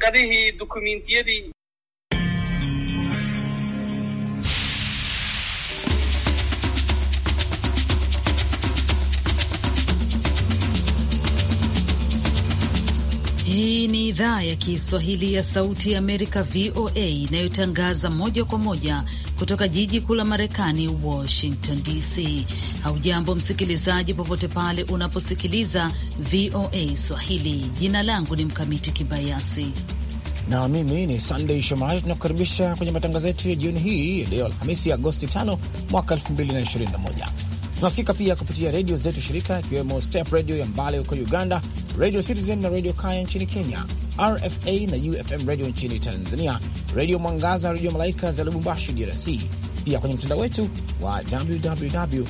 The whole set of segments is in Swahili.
warqadihii dukumentiyadii Hii ni idhaa ya Kiswahili ya Sauti ya Amerika, VOA, inayotangaza moja kwa moja kutoka jiji kuu la Marekani, Washington DC. Haujambo msikilizaji, popote pale unaposikiliza VOA Swahili. Jina langu ni Mkamiti Kibayasi na mimi ni Sandey Shomari. Tunakukaribisha kwenye matangazo yetu ya jioni hii leo Alhamisi, Agosti 5 mwaka 2021 Tunasikika pia kupitia redio zetu shirika ikiwemo Step redio ya Mbale huko Uganda, redio Citizen na redio Kaya nchini Kenya, RFA na UFM redio nchini Tanzania, Redio Mwangaza Redio Malaika za Lubumbashi, DRC, pia kwenye mtandao wetu wa www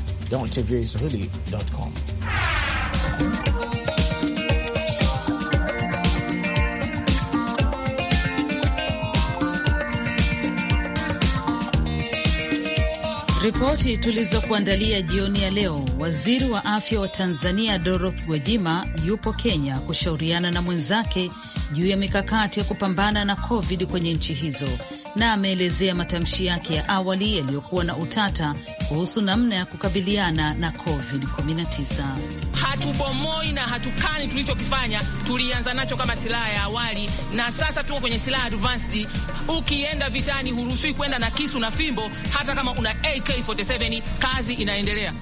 Ripoti tulizokuandalia jioni ya leo. Waziri wa afya wa Tanzania Dorothy Gwajima yupo Kenya kushauriana na mwenzake juu ya mikakati ya kupambana na COVID kwenye nchi hizo, na ameelezea matamshi yake ya awali yaliyokuwa na utata kuhusu namna ya kukabiliana na COVID-19. Hatubomoi na hatukani tulichokifanya, tulianza nacho kama silaha ya awali, na sasa tuko kwenye silaha advanced. Ukienda vitani, huruhusiwi kwenda na kisu na fimbo, hata kama una AK47. Kazi inaendelea.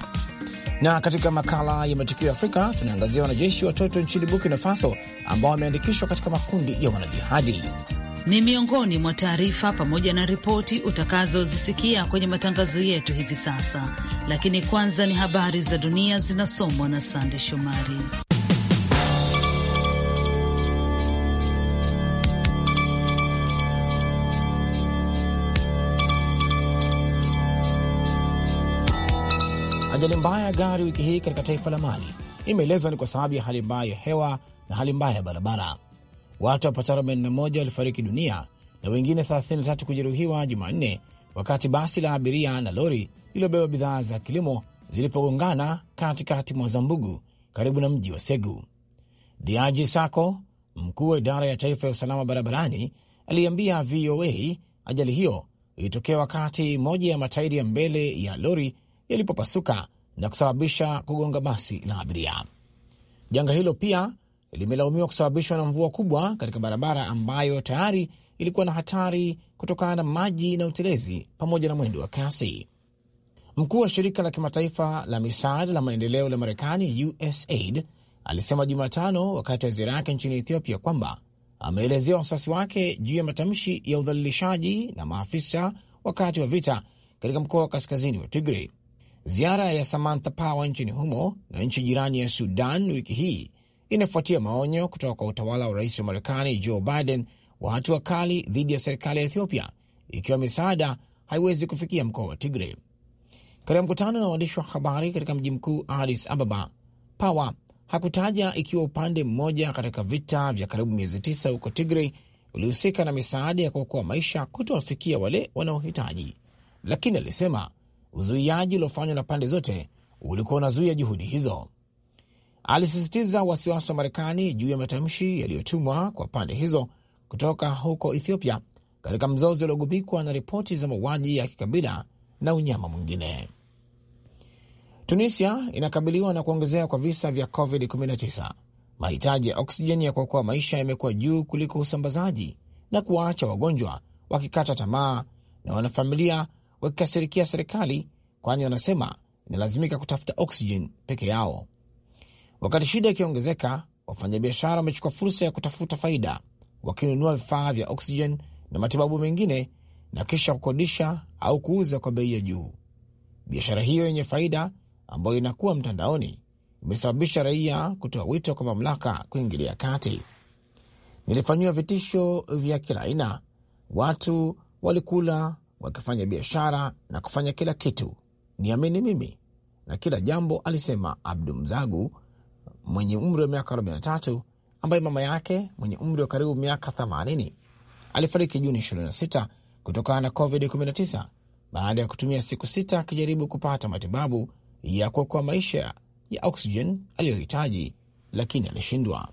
Na katika makala ya matukio ya Afrika tunaangazia wanajeshi watoto nchini Burkina Faso ambao wameandikishwa katika makundi ya wanajihadi ni miongoni mwa taarifa pamoja na ripoti utakazozisikia kwenye matangazo yetu hivi sasa, lakini kwanza ni habari za dunia zinasomwa na Sande Shomari. Ajali mbaya ya gari wiki hii katika taifa la Mali imeelezwa ni kwa sababu ya hali mbaya ya hewa na hali mbaya ya barabara. Watu wapatao 41 walifariki dunia na wengine 33 kujeruhiwa Jumanne wakati basi la abiria na lori lililobeba bidhaa za kilimo zilipogongana katikati mwa Zambugu karibu na mji wa Segu. Diaji Sako, mkuu wa idara ya taifa ya usalama barabarani, aliambia VOA ajali hiyo ilitokea wakati moja ya matairi ya mbele ya lori yalipopasuka na kusababisha kugonga basi la abiria. Janga hilo pia limelaumiwa kusababishwa na mvua kubwa katika barabara ambayo tayari ilikuwa na hatari kutokana na maji na utelezi pamoja na mwendo wa kasi. Mkuu wa shirika la kimataifa la misaada la maendeleo la Marekani, USAID, alisema Jumatano wakati wa ziara yake nchini Ethiopia kwamba ameelezea wasiwasi wake juu ya matamshi ya udhalilishaji na maafisa wakati wa vita katika mkoa wa kaskazini wa Tigray. Ziara ya Samantha Power nchini humo na nchi jirani ya Sudan wiki hii inafuatia maonyo kutoka kwa utawala wa rais wa Marekani Joe Biden wa hatua kali dhidi ya serikali ya Ethiopia ikiwa misaada haiwezi kufikia mkoa wa Tigre. Katika mkutano na waandishi wa habari katika mji mkuu Addis Ababa, Pawa hakutaja ikiwa upande mmoja katika vita vya karibu miezi tisa huko Tigre ulihusika na misaada ya kuokoa maisha kutowafikia wale wanaohitaji, lakini alisema uzuiaji uliofanywa na pande zote ulikuwa unazuia juhudi hizo alisisitiza wasiwasi wa Marekani juu ya matamshi yaliyotumwa kwa pande hizo kutoka huko Ethiopia katika mzozo uliogubikwa na ripoti za mauaji ya kikabila na unyama mwingine. Tunisia inakabiliwa na kuongezea kwa visa vya COVID-19. Mahitaji ya oksijeni ya kuokoa maisha yamekuwa juu kuliko usambazaji na kuwaacha wagonjwa wakikata tamaa na wanafamilia wakikasirikia serikali, kwani wanasema inalazimika kutafuta oksijeni peke yao. Wakati shida ikiongezeka, wafanyabiashara wamechukua fursa ya kutafuta faida, wakinunua vifaa vya oksijeni na matibabu mengine na kisha kukodisha au kuuza kwa bei ya juu. Biashara hiyo yenye faida ambayo inakuwa mtandaoni imesababisha raia kutoa wito kwa mamlaka kuingilia kati. Nilifanyiwa vitisho vya kila aina, watu walikula wakifanya biashara na kufanya kila kitu, niamini mimi na kila jambo, alisema Abdu Mzagu, mwenye umri wa miaka 43 ambaye mama yake mwenye umri wa karibu miaka 80 alifariki Juni 26 kutokana na COVID-19 baada ya kutumia siku sita akijaribu kupata matibabu ya kuokoa maisha ya oksijen aliyohitaji, lakini alishindwa.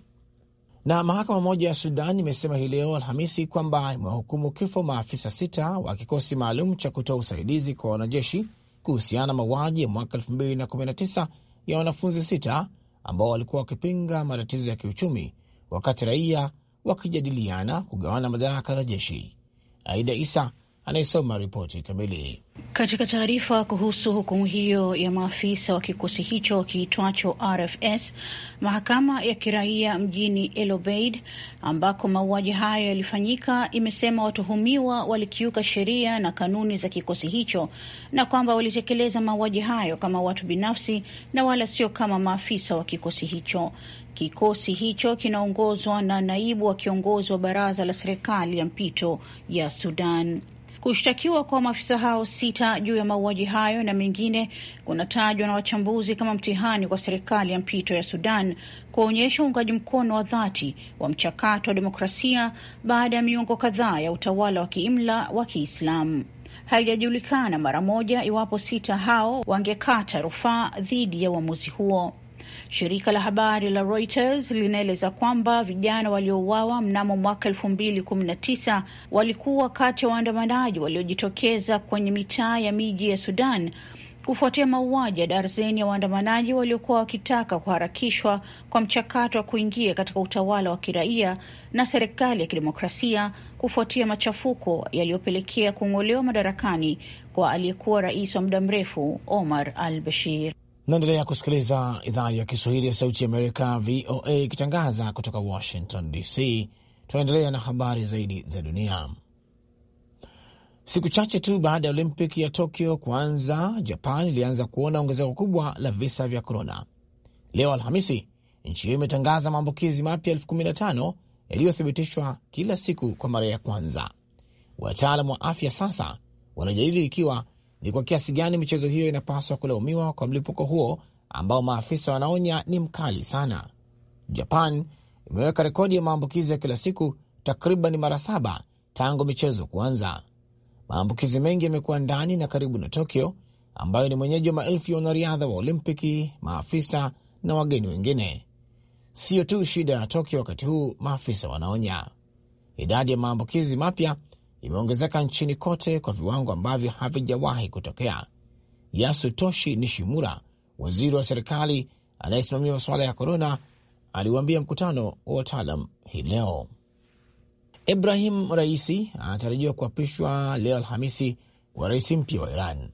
Na mahakama moja ya Sudan imesema hii leo Alhamisi kwamba imewahukumu kifo maafisa sita wa kikosi maalum cha kutoa usaidizi kwa wanajeshi kuhusiana na mauaji ya mwaka 2019 ya wanafunzi sita ambao walikuwa wakipinga matatizo ya kiuchumi, wakati raia wakijadiliana kugawana madaraka na jeshi. Aida Isa anayesoma ripoti kamili. Katika taarifa kuhusu hukumu hiyo ya maafisa wa kikosi hicho kiitwacho RFS, mahakama ya kiraia mjini Elobeid ambako mauaji hayo yalifanyika imesema watuhumiwa walikiuka sheria na kanuni za kikosi hicho na kwamba walitekeleza mauaji hayo kama watu binafsi na wala sio kama maafisa wa kikosi hicho. Kikosi hicho kinaongozwa na naibu wa kiongozi wa baraza la serikali ya mpito ya Sudan. Kushtakiwa kwa maafisa hao sita juu ya mauaji hayo na mengine kunatajwa na wachambuzi kama mtihani kwa serikali ya mpito ya Sudan kuonyesha uungaji mkono wa dhati wa mchakato wa demokrasia baada ya miongo kadhaa ya utawala wa kiimla wa Kiislamu. Haijajulikana mara moja iwapo sita hao wangekata rufaa dhidi ya uamuzi huo. Shirika la habari la Reuters linaeleza kwamba vijana waliouawa mnamo mwaka elfu mbili kumi na tisa walikuwa kati ya waandamanaji waliojitokeza kwenye mitaa ya miji ya Sudan kufuatia mauaji ya darzeni ya waandamanaji waliokuwa wakitaka kuharakishwa kwa mchakato wa kuingia katika utawala wa kiraia na serikali ya kidemokrasia kufuatia machafuko yaliyopelekea kung'olewa madarakani kwa aliyekuwa rais wa muda mrefu Omar al Bashir. Naendelea kusikiliza idhaa ya Kiswahili ya Sauti ya Amerika, VOA, ikitangaza kutoka Washington DC. Tunaendelea na habari zaidi za dunia. Siku chache tu baada ya olimpik ya Tokyo kuanza, Japan ilianza kuona ongezeko kubwa la visa vya korona. Leo Alhamisi, nchi hiyo imetangaza maambukizi mapya elfu kumi na tano yaliyothibitishwa kila siku kwa mara ya kwanza. Wataalam wa afya sasa wanajadili ikiwa ni kwa kiasi gani michezo hiyo inapaswa kulaumiwa kwa mlipuko huo ambao maafisa wanaonya ni mkali sana. Japan imeweka rekodi ya maambukizi ya kila siku takriban mara saba tangu michezo kuanza. Maambukizi mengi yamekuwa ndani na karibu na Tokyo, ambayo ni mwenyeji wa maelfu ya wanariadha wa Olimpiki, maafisa na wageni wengine. Siyo tu shida ya Tokyo wakati huu, maafisa wanaonya idadi ya maambukizi mapya imeongezeka nchini kote kwa viwango ambavyo havijawahi kutokea. Yasutoshi Nishimura, waziri wa serikali anayesimamia masuala ya korona, aliwaambia mkutano wa wataalam hii leo. Ibrahim Raisi anatarajiwa kuapishwa leo Alhamisi kwa rais mpya wa Iran.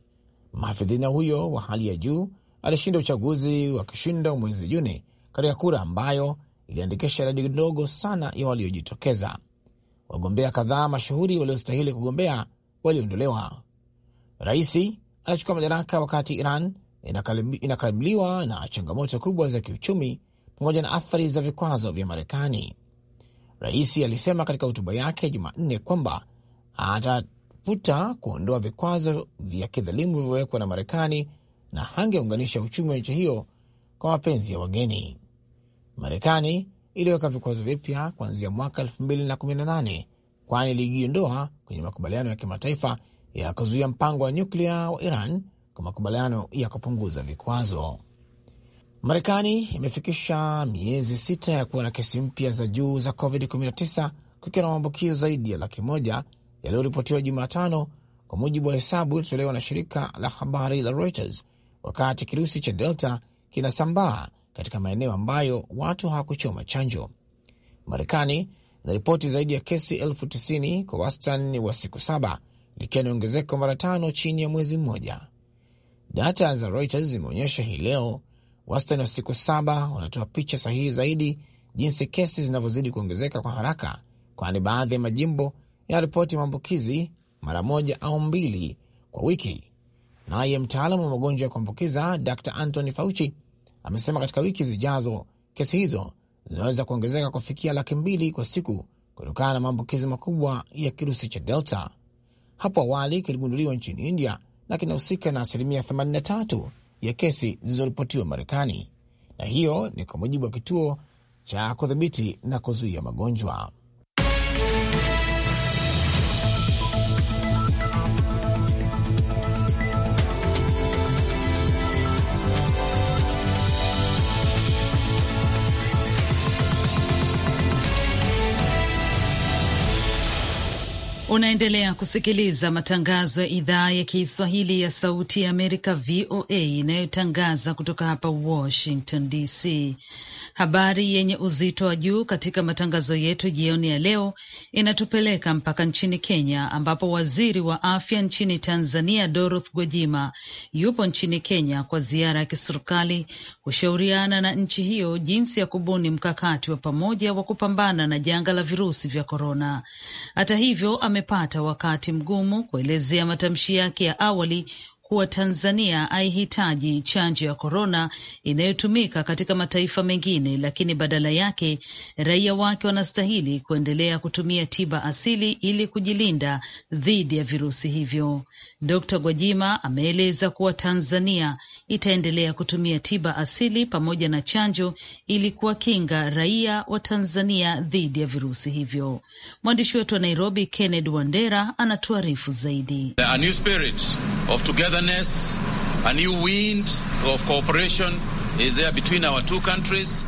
Mhafidhina huyo wa hali ya juu alishinda uchaguzi wa kishindo mwezi Juni katika kura ambayo iliandikisha idadi ndogo sana ya waliojitokeza. Wagombea kadhaa mashuhuri waliostahili kugombea waliondolewa. Raisi anachukua madaraka wakati Iran inakabiliwa na changamoto kubwa za kiuchumi pamoja na athari za vikwazo vya Marekani. Raisi alisema katika hotuba yake Jumanne kwamba atafuta kuondoa vikwazo vya kidhalimu vilivyowekwa na Marekani na hangeunganisha uchumi wa nchi hiyo kwa mapenzi ya wageni. Marekani iliweka vikwazo vipya kuanzia mwaka 2018 kwani ilijiondoa kwenye makubaliano ya kimataifa ya kuzuia mpango wa nyuklia wa Iran kwa makubaliano ya kupunguza vikwazo. Marekani imefikisha miezi sita ya kuwa na kesi mpya za juu za COVID-19 kukiwa na maambukio zaidi ya laki moja yaliyoripotiwa Jumatano, kwa mujibu wa hesabu iliyotolewa na shirika la habari la Reuters, wakati kirusi cha Delta kinasambaa katika maeneo ambayo watu hawakuchoma chanjo. Marekani inaripoti zaidi ya kesi elfu tisini kwa wastani wa siku saba, likiwa ni ongezeko mara tano chini ya mwezi mmoja. Data za Reuters zimeonyesha hii leo wastani wa siku saba wanatoa picha sahihi zaidi jinsi kesi zinavyozidi kuongezeka kwa haraka, kwani baadhi ya majimbo yanaripoti maambukizi mara moja au mbili kwa wiki. Naye mtaalamu wa magonjwa ya kuambukiza Dr Anthony Fauci amesema katika wiki zijazo kesi hizo zinaweza kuongezeka kufikia laki mbili kwa siku kutokana na maambukizi makubwa ya kirusi cha Delta. Hapo awali kiligunduliwa nchini India na kinahusika na asilimia 83 ya kesi zilizoripotiwa Marekani, na hiyo ni kwa mujibu wa kituo cha kudhibiti na kuzuia magonjwa. Unaendelea kusikiliza matangazo ya idhaa ya Kiswahili ya Sauti ya Amerika, VOA, inayotangaza kutoka hapa Washington DC. Habari yenye uzito wa juu katika matangazo yetu jioni ya leo inatupeleka mpaka nchini Kenya, ambapo waziri wa afya nchini Tanzania Dorothy Gwajima yupo nchini Kenya kwa ziara ya kiserikali kushauriana na nchi hiyo jinsi ya kubuni mkakati wa pamoja wa kupambana na janga la virusi vya korona. Hata hivyo, amepata wakati mgumu kuelezea matamshi yake ya awali kuwa Tanzania haihitaji chanjo ya korona inayotumika katika mataifa mengine, lakini badala yake raia wake wanastahili kuendelea kutumia tiba asili ili kujilinda dhidi ya virusi hivyo. Dkt Gwajima ameeleza kuwa Tanzania itaendelea kutumia tiba asili pamoja na chanjo ili kuwakinga raia wa Tanzania dhidi ya virusi hivyo. Mwandishi wetu wa Nairobi, kenned Wandera, anatuarifu zaidi. A new spirit of togetherness, a new wind of cooperation is there between our two countries.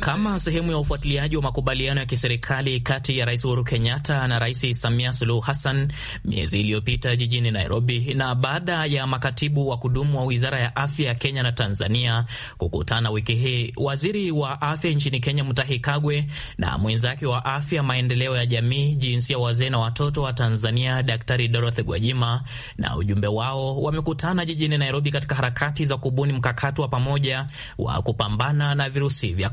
Kama sehemu ya ufuatiliaji wa makubaliano ya kiserikali kati ya Rais Uhuru Kenyatta na Rais Samia Suluhu Hassan miezi iliyopita jijini Nairobi, na baada ya makatibu wa kudumu wa wizara ya afya ya Kenya na Tanzania kukutana wiki hii, waziri wa afya nchini Kenya Mutahi Kagwe na mwenzake wa afya, maendeleo ya jamii, jinsia, wazee na watoto wa Tanzania Daktari Dorothy Gwajima na ujumbe wao wamekutana jijini Nairobi katika harakati za kubuni mkakati wa pamoja wa kupambana na virusi vya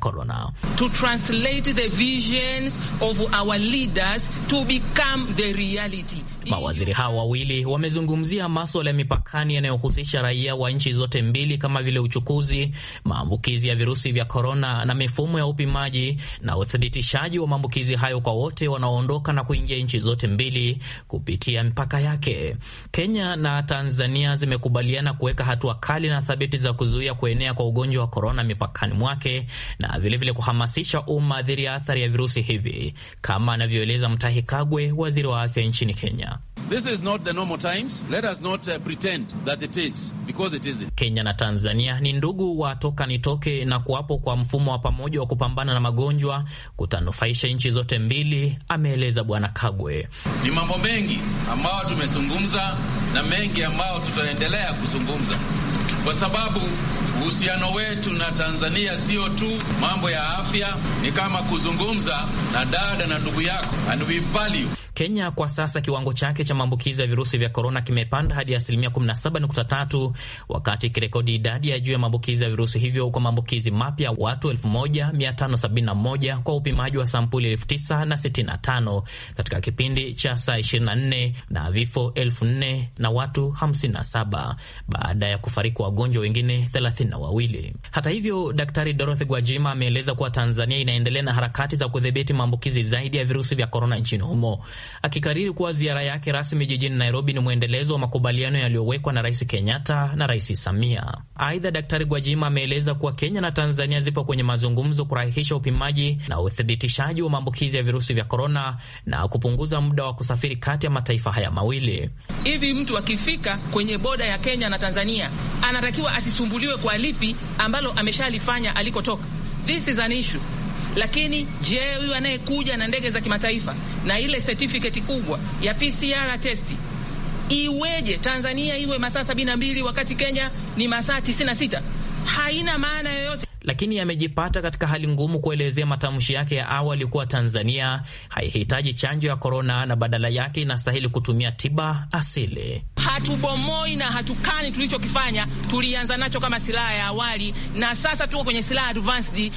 To translate the visions of our leaders to become the reality. Mawaziri hao wawili wamezungumzia maswala ya mipakani yanayohusisha raia wa nchi zote mbili kama vile uchukuzi, maambukizi ya virusi vya korona na mifumo ya upimaji na uthibitishaji wa maambukizi hayo kwa wote wanaoondoka na kuingia nchi zote mbili kupitia mipaka yake. Kenya na Tanzania zimekubaliana kuweka hatua kali na thabiti za kuzuia kuenea kwa ugonjwa wa korona mipakani mwake na vilevile vile kuhamasisha umma dhidi ya athari ya virusi hivi, kama anavyoeleza Mtahi Kagwe, waziri wa afya nchini Kenya. Kenya. Uh, Kenya na Tanzania ni ndugu wa toka nitoke na kuwapo kwa mfumo wa pamoja wa kupambana na magonjwa kutanufaisha nchi zote mbili, ameeleza Bwana Kagwe. Ni mambo mengi ambayo tumezungumza na mengi ambayo tutaendelea kuzungumza kwa sababu Uhusiano wetu na Tanzania sio tu mambo ya afya, ni kama kuzungumza na dada na ndugu yako and we value. Kenya kwa sasa kiwango chake cha maambukizi ya virusi vya korona kimepanda hadi asilimia 17.3 wakati ikirekodi idadi ya juu ya maambukizi ya virusi hivyo kwa maambukizi mapya watu 1571 kwa upimaji wa sampuli 965 katika kipindi cha saa 24 na vifo 4 na watu 57 baada ya kufariki wagonjwa wengine na wawili. Hata hivyo, Daktari Dorothy Gwajima ameeleza kuwa Tanzania inaendelea na harakati za kudhibiti maambukizi zaidi ya virusi vya korona nchini humo, akikariri kuwa ziara yake rasmi jijini Nairobi ni mwendelezo wa makubaliano yaliyowekwa na Rais Kenyatta na Rais Samia. Aidha, Daktari Gwajima ameeleza kuwa Kenya na Tanzania zipo kwenye mazungumzo kurahisisha upimaji na uthibitishaji wa maambukizi ya virusi vya korona na kupunguza muda wa kusafiri kati ya mataifa haya mawili. Hivi mtu akifika kwenye boda ya Kenya na Tanzania anatakiwa asisumbuliwe kwa kwa lipi ambalo ameshalifanya alikotoka. This is an issue. Lakini je, huyu anayekuja na ndege za kimataifa na ile certificate kubwa ya PCR test iweje Tanzania iwe masaa 72 wakati Kenya ni masaa 96? Haina maana yoyote lakini amejipata katika hali ngumu kuelezea matamshi yake ya awali kuwa Tanzania haihitaji chanjo ya korona na badala yake inastahili kutumia tiba asili. Hatubomoi na hatukani. Tulichokifanya tulianza nacho kama silaha ya awali, na sasa tuko kwenye silaha advanced.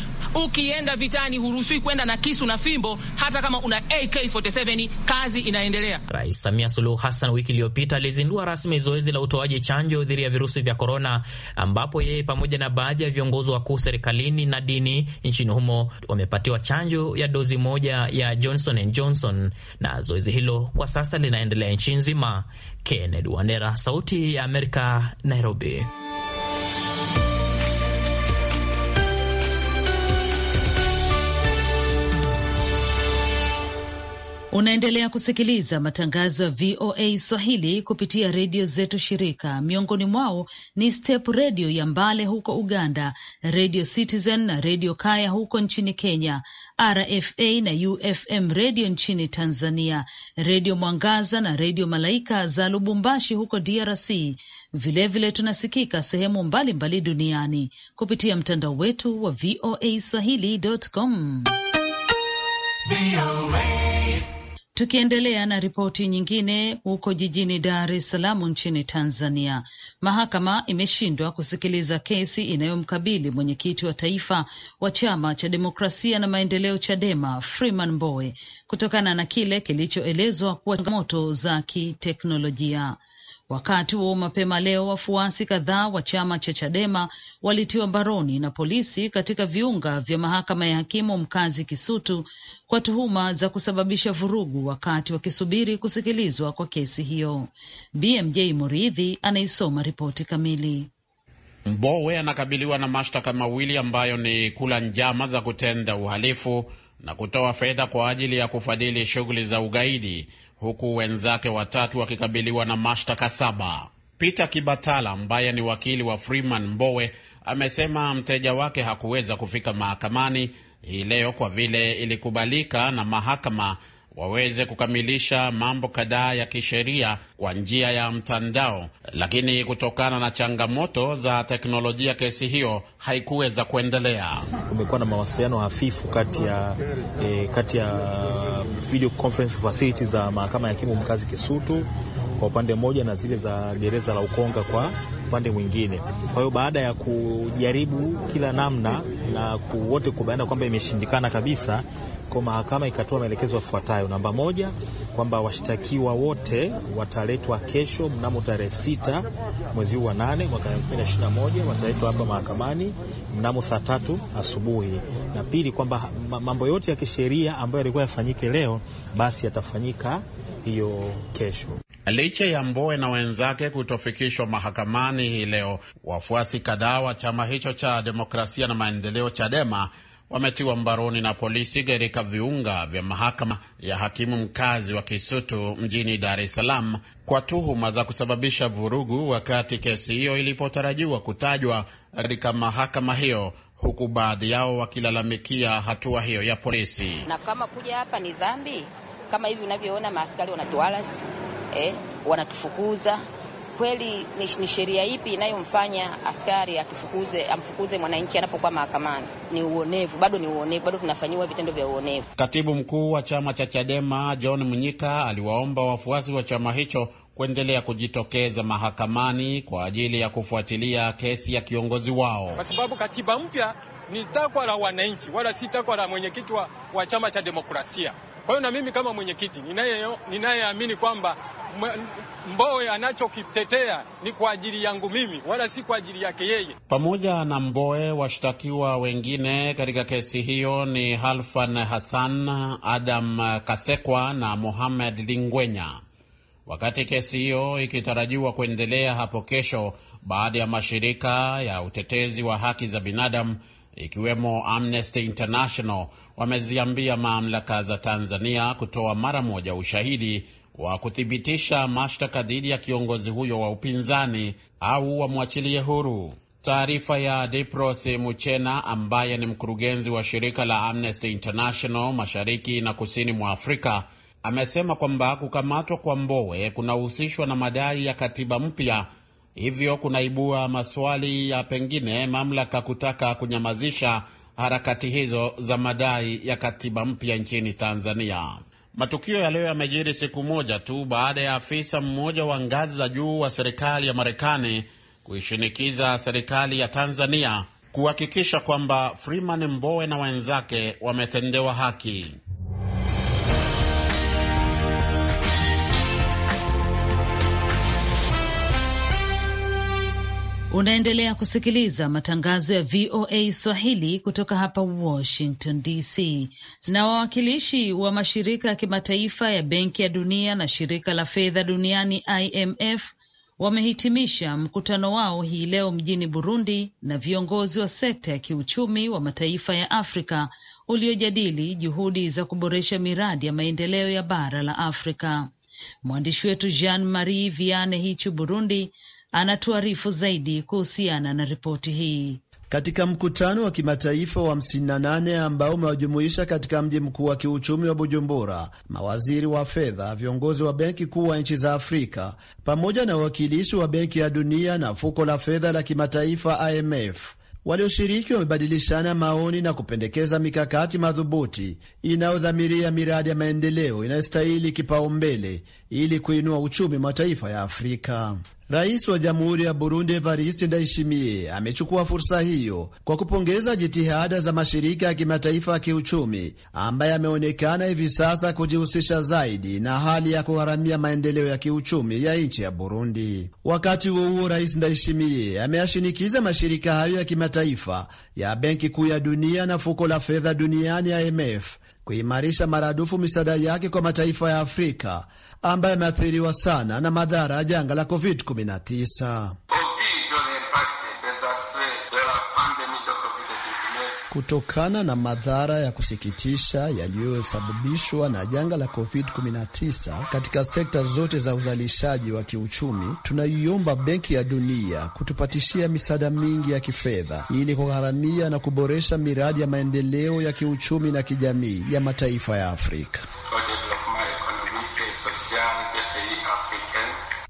Ukienda vitani, huruhusiwi kwenda na kisu na fimbo, hata kama una AK47. Kazi inaendelea. Rais Samia Suluhu Hassan wiki iliyopita alizindua rasmi zoezi la utoaji chanjo dhidi ya virusi vya korona, ambapo yeye pamoja na baadhi ya viongozi wakuu serikalini na dini nchini humo wamepatiwa chanjo ya dozi moja ya Johnson and Johnson, na zoezi hilo kwa sasa linaendelea nchi nzima. Kennedy Wandera, Sauti ya Amerika, Nairobi. Unaendelea kusikiliza matangazo ya VOA Swahili kupitia redio zetu shirika, miongoni mwao ni Step redio ya Mbale huko Uganda, redio Citizen na redio Kaya huko nchini Kenya, RFA na UFM redio nchini Tanzania, redio Mwangaza na redio Malaika za Lubumbashi huko DRC. Vilevile vile tunasikika sehemu mbalimbali mbali duniani kupitia mtandao wetu wa voa swahili.com. Tukiendelea na ripoti nyingine, huko jijini Dar es Salaam nchini Tanzania, mahakama imeshindwa kusikiliza kesi inayomkabili mwenyekiti wa taifa wa chama cha demokrasia na maendeleo CHADEMA Freeman Mbowe kutokana na kile kilichoelezwa kuwa changamoto za kiteknolojia. Wakati huo mapema leo wafuasi kadhaa wa chama cha Chadema walitiwa mbaroni na polisi katika viunga vya mahakama ya hakimu mkazi Kisutu kwa tuhuma za kusababisha vurugu wakati wakisubiri kusikilizwa kwa kesi hiyo. BMJ Muridhi anaisoma ripoti kamili. Mbowe anakabiliwa na mashtaka mawili ambayo ni kula njama za kutenda uhalifu na kutoa fedha kwa ajili ya kufadhili shughuli za ugaidi huku wenzake watatu wakikabiliwa na mashtaka saba. Peter Kibatala ambaye ni wakili wa Freeman Mbowe amesema mteja wake hakuweza kufika mahakamani hii leo kwa vile ilikubalika na mahakama waweze kukamilisha mambo kadhaa ya kisheria kwa njia ya mtandao, lakini kutokana na changamoto za teknolojia kesi hiyo haikuweza kuendelea. Kumekuwa na mawasiliano hafifu kati ya eh, kati ya video conference facility za mahakama ya hakimu mkazi Kisutu kwa upande mmoja na zile za gereza la Ukonga kwa upande mwingine. Kwa hiyo baada ya kujaribu kila namna na wote kubaina kwamba imeshindikana kabisa, ambako mahakama ikatoa maelekezo yafuatayo. Namba moja, kwamba washtakiwa wote wataletwa kesho mnamo tarehe sita mwezi huu wa nane mwaka moja wataletwa hapa mahakamani mnamo saa tatu asubuhi, na pili, kwamba mambo yote ya kisheria ambayo yalikuwa yafanyike leo basi yatafanyika hiyo kesho. Licha ya Mbowe na wenzake kutofikishwa mahakamani hii leo, wafuasi kadhaa wa chama hicho cha demokrasia na maendeleo, Chadema, wametiwa mbaroni na polisi katika viunga vya mahakama ya hakimu mkazi wa Kisutu mjini Dar es Salaam kwa tuhuma za kusababisha vurugu wakati kesi hiyo ilipotarajiwa kutajwa katika mahakama hiyo huku baadhi yao wakilalamikia hatua hiyo ya polisi. Na kama kuja hapa ni dhambi, kama hivi unavyoona maaskari wanatualasi eh, wanatufukuza kweli ni sheria ipi inayomfanya askari atufukuze, amfukuze mwananchi anapokuwa mahakamani? Ni uonevu, bado ni uonevu, bado tunafanyiwa vitendo vya uonevu. Katibu mkuu wa chama cha Chadema John Mnyika aliwaomba wafuasi wa chama hicho kuendelea kujitokeza mahakamani kwa ajili ya kufuatilia kesi ya kiongozi wao, kwa sababu katiba mpya ni takwa la wananchi, wala si takwa la mwenyekiti wa, wa chama cha demokrasia. Kwa hiyo na mimi kama mwenyekiti ninayeamini kwamba Mbowe anachokitetea ni kwa ajili yangu mimi, wala si kwa ajili yake yeye. Pamoja na Mbowe, washtakiwa wengine katika kesi hiyo ni Halfan Hassan, Adam Kasekwa na Mohamed Lingwenya. Wakati kesi hiyo ikitarajiwa kuendelea hapo kesho, baada ya mashirika ya utetezi wa haki za binadamu ikiwemo Amnesty International wameziambia mamlaka za Tanzania kutoa mara moja ushahidi wa kuthibitisha mashtaka dhidi ya kiongozi huyo wa upinzani au wamwachilie huru. Taarifa ya Dipros Muchena ambaye ni mkurugenzi wa shirika la Amnesty International mashariki na kusini mwa Afrika amesema kwamba kukamatwa kwa Mbowe kunahusishwa na madai ya katiba mpya, hivyo kunaibua maswali ya pengine mamlaka kutaka kunyamazisha harakati hizo za madai ya katiba mpya nchini Tanzania. Matukio ya leo yamejiri siku moja tu baada ya afisa mmoja wa ngazi za juu wa serikali ya Marekani kuishinikiza serikali ya Tanzania kuhakikisha kwamba Freeman Mbowe na wenzake wametendewa haki. Unaendelea kusikiliza matangazo ya VOA Swahili kutoka hapa Washington DC. Na wawakilishi wa mashirika ya kimataifa ya Benki ya Dunia na shirika la fedha duniani IMF wamehitimisha mkutano wao hii leo mjini Burundi na viongozi wa sekta ya kiuchumi wa mataifa ya Afrika uliojadili juhudi za kuboresha miradi ya maendeleo ya bara la Afrika. Mwandishi wetu Jean Marie Viane Hichu, Burundi, anatuarifu zaidi kuhusiana na ripoti hii. Katika mkutano wa kimataifa wa 58 ambao umewajumuisha katika mji mkuu wa kiuchumi wa Bujumbura, mawaziri wa fedha, viongozi wa benki kuu wa nchi za Afrika pamoja na wawakilishi wa Benki ya Dunia na Fuko la Fedha la Kimataifa, IMF, walioshiriki wamebadilishana maoni na kupendekeza mikakati madhubuti inayodhamiria miradi ya maendeleo inayostahili kipaumbele ili kuinua uchumi mataifa ya Afrika. Rais wa Jamhuri ya Burundi Evariste Ndayishimiye amechukua fursa hiyo kwa kupongeza jitihada za mashirika ya kimataifa ya kiuchumi ambaye ameonekana hivi sasa kujihusisha zaidi na hali ya kugharamia maendeleo ya kiuchumi ya nchi ya Burundi. Wakati huo huo, Rais Ndayishimiye ameyashinikiza mashirika hayo ya kimataifa ya Benki Kuu ya Dunia na Fuko la Fedha Duniani IMF kuimarisha maradufu misaada yake kwa mataifa ya Afrika ambayo yameathiriwa sana na madhara ya janga la COVID-19. kutokana na madhara ya kusikitisha yaliyosababishwa na janga la COVID-19 katika sekta zote za uzalishaji wa kiuchumi, tunaiomba Benki ya Dunia kutupatishia misaada mingi ya kifedha ili kugharamia na kuboresha miradi ya maendeleo ya kiuchumi na kijamii ya mataifa ya Afrika.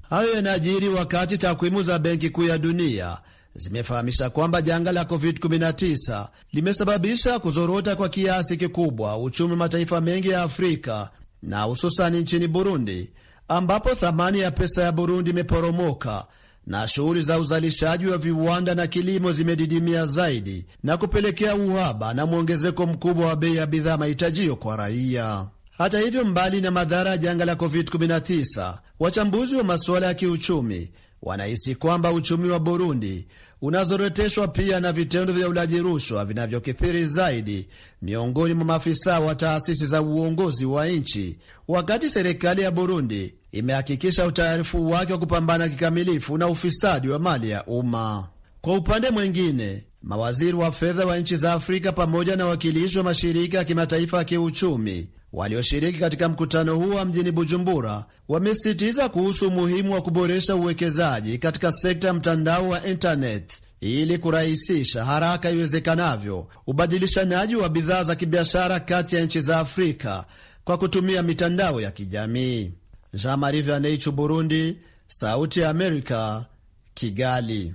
Hayo yanajiri wakati takwimu za Benki Kuu ya Dunia zimefahamisha kwamba janga la COVID-19 limesababisha kuzorota kwa kiasi kikubwa uchumi wa mataifa mengi ya Afrika na hususani nchini Burundi, ambapo thamani ya pesa ya Burundi imeporomoka na shughuli za uzalishaji wa viwanda na kilimo zimedidimia zaidi na kupelekea uhaba na mwongezeko mkubwa wa bei ya bidhaa mahitajio kwa raia. Hata hivyo, mbali na madhara ya janga la COVID-19, wachambuzi wa masuala ya kiuchumi wanahisi kwamba uchumi wa Burundi unazoroteshwa pia na vitendo vya ulaji rushwa vinavyokithiri zaidi miongoni mwa maafisa wa taasisi za uongozi wa nchi, wakati serikali ya Burundi imehakikisha utayarifu wake wa kupambana kikamilifu na ufisadi wa mali ya umma. Kwa upande mwingine, mawaziri wa fedha wa nchi za Afrika pamoja na wawakilishi wa mashirika ya kimataifa ya kiuchumi Walioshiriki katika mkutano huo wa mjini Bujumbura wamesisitiza kuhusu umuhimu wa kuboresha uwekezaji katika sekta ya mtandao wa intaneti ili kurahisisha haraka iwezekanavyo ubadilishanaji wa bidhaa za kibiashara kati ya nchi za Afrika kwa kutumia mitandao ya kijamii. Jean Marie Vianney, Burundi, Sauti ya Amerika, Kigali.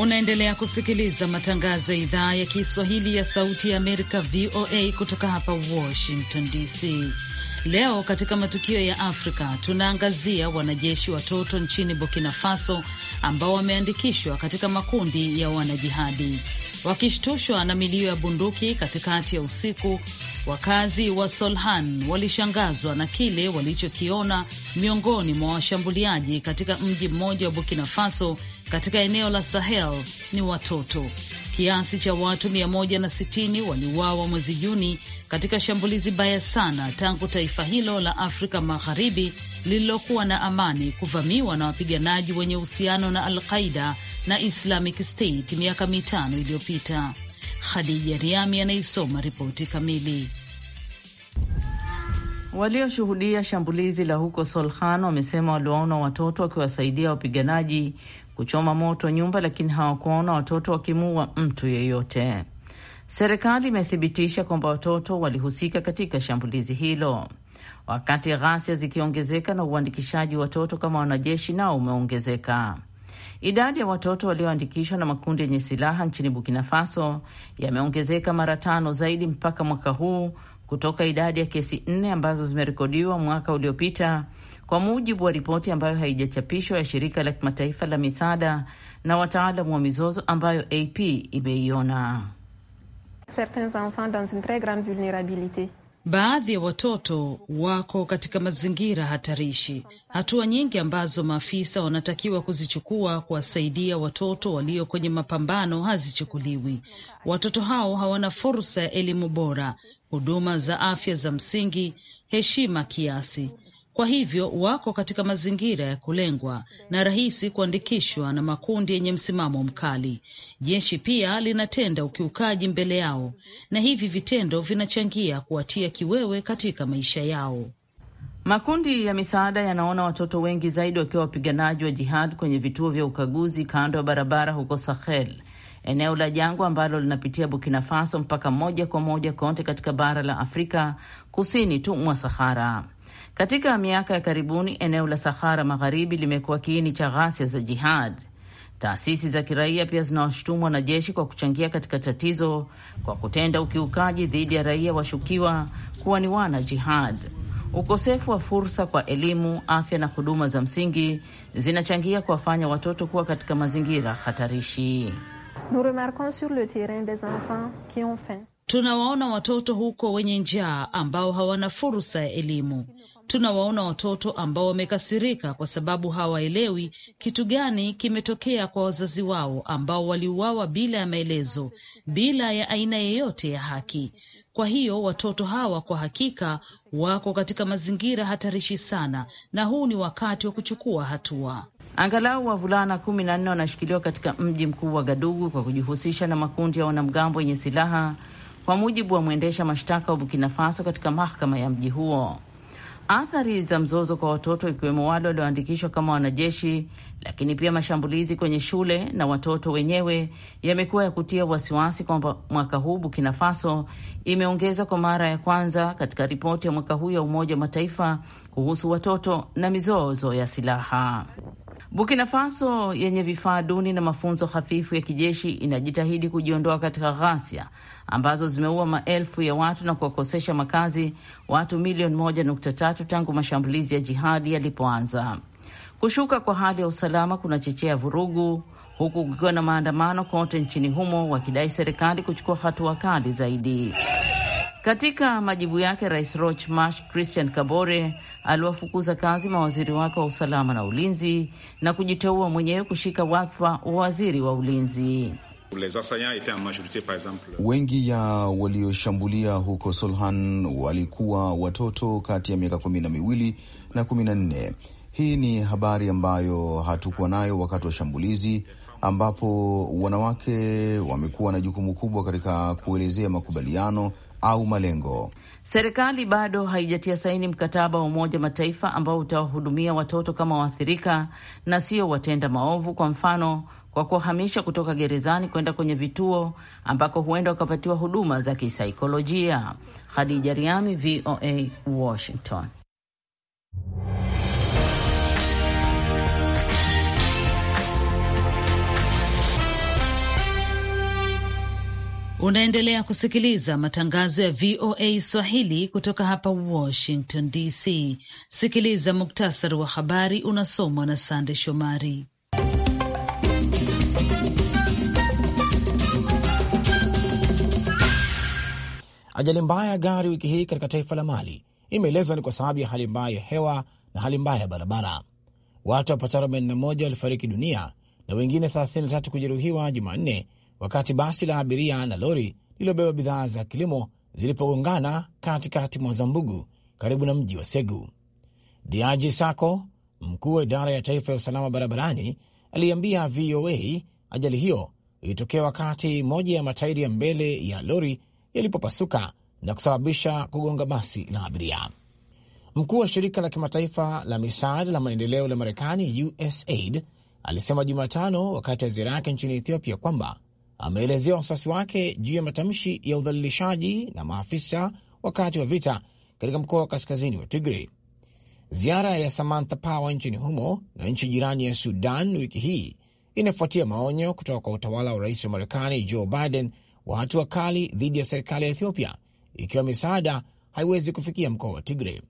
Unaendelea kusikiliza matangazo ya idhaa ya Kiswahili ya Sauti ya Amerika, VOA, kutoka hapa Washington DC. Leo katika matukio ya Afrika tunaangazia wanajeshi watoto nchini Burkina Faso ambao wameandikishwa katika makundi ya wanajihadi. Wakishtushwa na milio ya bunduki katikati ya usiku, wakazi wa Solhan walishangazwa na kile walichokiona miongoni mwa washambuliaji katika mji mmoja wa Burkina Faso katika eneo la Sahel ni watoto. Kiasi cha watu 160 waliuawa mwezi Juni katika shambulizi baya sana tangu taifa hilo la Afrika Magharibi lililokuwa na amani kuvamiwa na wapiganaji wenye uhusiano na Al-Qaida na Islamic State miaka mitano iliyopita. Khadija Riami anaisoma ripoti kamili. Walioshuhudia shambulizi la huko Solhan wamesema waliwaona watoto wakiwasaidia wapiganaji kuchoma moto nyumba, lakini hawakuona watoto wakimuua mtu yeyote. Serikali imethibitisha kwamba watoto walihusika katika shambulizi hilo. Wakati ghasia zikiongezeka na uandikishaji watoto kama wanajeshi nao umeongezeka, idadi ya watoto walioandikishwa na makundi yenye silaha nchini Burkina Faso yameongezeka mara tano zaidi mpaka mwaka huu kutoka idadi ya kesi nne ambazo zimerekodiwa mwaka uliopita kwa mujibu wa ripoti ambayo haijachapishwa ya shirika la kimataifa la misaada na wataalamu wa mizozo ambayo AP imeiona. Baadhi ya watoto wako katika mazingira hatarishi. Hatua nyingi ambazo maafisa wanatakiwa kuzichukua kuwasaidia watoto walio kwenye mapambano hazichukuliwi. Watoto hao hawana fursa ya elimu bora, huduma za afya za msingi, heshima kiasi kwa hivyo wako katika mazingira ya kulengwa na rahisi kuandikishwa na makundi yenye msimamo mkali. Jeshi pia linatenda ukiukaji mbele yao, na hivi vitendo vinachangia kuwatia kiwewe katika maisha yao. Makundi ya misaada yanaona watoto wengi zaidi wakiwa wapiganaji wa jihad kwenye vituo vya ukaguzi kando ya barabara huko Sahel, eneo la jangwa ambalo linapitia Burkina Faso mpaka moja kwa moja kote katika bara la Afrika kusini tu mwa Sahara. Katika miaka ya karibuni eneo la Sahara Magharibi limekuwa kiini cha ghasia za jihad. Taasisi za kiraia pia zinawashutumu wanajeshi kwa kuchangia katika tatizo kwa kutenda ukiukaji dhidi ya raia washukiwa kuwa ni wana jihad. Ukosefu wa fursa kwa elimu, afya na huduma za msingi zinachangia kuwafanya watoto kuwa katika mazingira hatarishi. Tunawaona watoto huko wenye njaa ambao hawana fursa ya elimu. Tunawaona watoto ambao wamekasirika kwa sababu hawaelewi kitu gani kimetokea kwa wazazi wao ambao waliuawa bila ya maelezo, bila ya aina yeyote ya haki. Kwa hiyo watoto hawa kwa hakika wako katika mazingira hatarishi sana, na huu ni wakati wa kuchukua hatua. Angalau wavulana kumi na nne wanashikiliwa katika mji mkuu wa Gadugu kwa kujihusisha na makundi ya wanamgambo yenye silaha, kwa mujibu wa mwendesha mashtaka wa Bukina Faso katika mahakama ya mji huo. Athari za mzozo kwa watoto, ikiwemo wale walioandikishwa kama wanajeshi, lakini pia mashambulizi kwenye shule na watoto wenyewe, yamekuwa ya kutia wasiwasi kwamba mwaka huu Burkina Faso imeongeza kwa mara ya kwanza katika ripoti ya mwaka huu ya Umoja wa Mataifa kuhusu watoto na mizozo ya silaha. Burkina Faso yenye vifaa duni na mafunzo hafifu ya kijeshi inajitahidi kujiondoa katika ghasia ambazo zimeua maelfu ya watu na kuwakosesha makazi watu milioni moja nukta tatu tangu mashambulizi ya jihadi yalipoanza. Kushuka kwa hali ya usalama kunachochea vurugu huku kukiwa na maandamano kote nchini humo wakidai serikali kuchukua hatua kali zaidi. Katika majibu yake, Rais Roch Marc Christian Kabore aliwafukuza kazi mawaziri wake wa usalama na ulinzi na kujiteua mwenyewe kushika wadhifa wa waziri wa ulinzi. Wengi ya walioshambulia huko Solhan walikuwa watoto kati ya miaka kumi na miwili na kumi na nne. Hii ni habari ambayo hatukuwa nayo wakati wa shambulizi, ambapo wanawake wamekuwa na jukumu kubwa katika kuelezea makubaliano au malengo. Serikali bado haijatia saini mkataba wa Umoja Mataifa ambao utawahudumia watoto kama waathirika na sio watenda maovu, kwa mfano kwa kuwahamisha kutoka gerezani kwenda kwenye vituo ambako huenda wakapatiwa huduma za kisaikolojia. Khadija Riami, VOA, Washington. Unaendelea kusikiliza matangazo ya VOA Swahili kutoka hapa Washington DC. Sikiliza muktasari wa habari unasomwa na Sande Shomari. Ajali mbaya ya gari wiki hii katika taifa la Mali imeelezwa ni kwa sababu ya hali mbaya ya hewa na hali mbaya ya barabara. Watu wapatao 41 walifariki dunia na wengine 33 kujeruhiwa Jumanne wakati basi la abiria na lori lililobeba bidhaa za kilimo zilipogongana katikati mwa Zambugu karibu na mji wa Segu. Diaji Sako, mkuu wa idara ya taifa ya usalama barabarani, aliambia VOA ajali hiyo ilitokea wakati moja ya matairi ya mbele ya lori yalipopasuka na kusababisha kugonga basi la abiria. Mkuu wa shirika la kimataifa la misaada la maendeleo la Marekani, USAID, alisema Jumatano wakati wa ziara yake nchini Ethiopia kwamba ameelezea wasiwasi wake juu ya matamshi ya udhalilishaji na maafisa wakati wa vita katika mkoa wa kaskazini wa Tigray. Ziara ya Samantha Power nchini humo na nchi jirani ya Sudan wiki hii inafuatia maonyo kutoka kwa utawala wa rais wa Marekani Joe Biden wa hatua kali dhidi ya serikali ya Ethiopia ikiwa misaada haiwezi kufikia mkoa wa Tigray.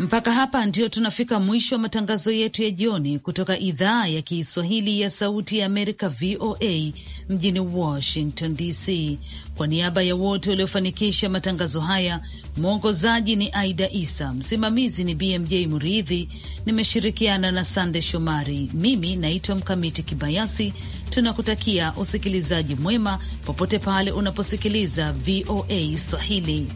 Mpaka hapa ndio tunafika mwisho wa matangazo yetu ya jioni kutoka idhaa ya Kiswahili ya Sauti ya Amerika, VOA mjini Washington DC. Kwa niaba ya wote waliofanikisha matangazo haya, mwongozaji ni Aida Isa, msimamizi ni BMJ Muridhi, nimeshirikiana na Sande Shomari. Mimi naitwa Mkamiti Kibayasi. Tunakutakia usikilizaji mwema popote pale unaposikiliza VOA Swahili.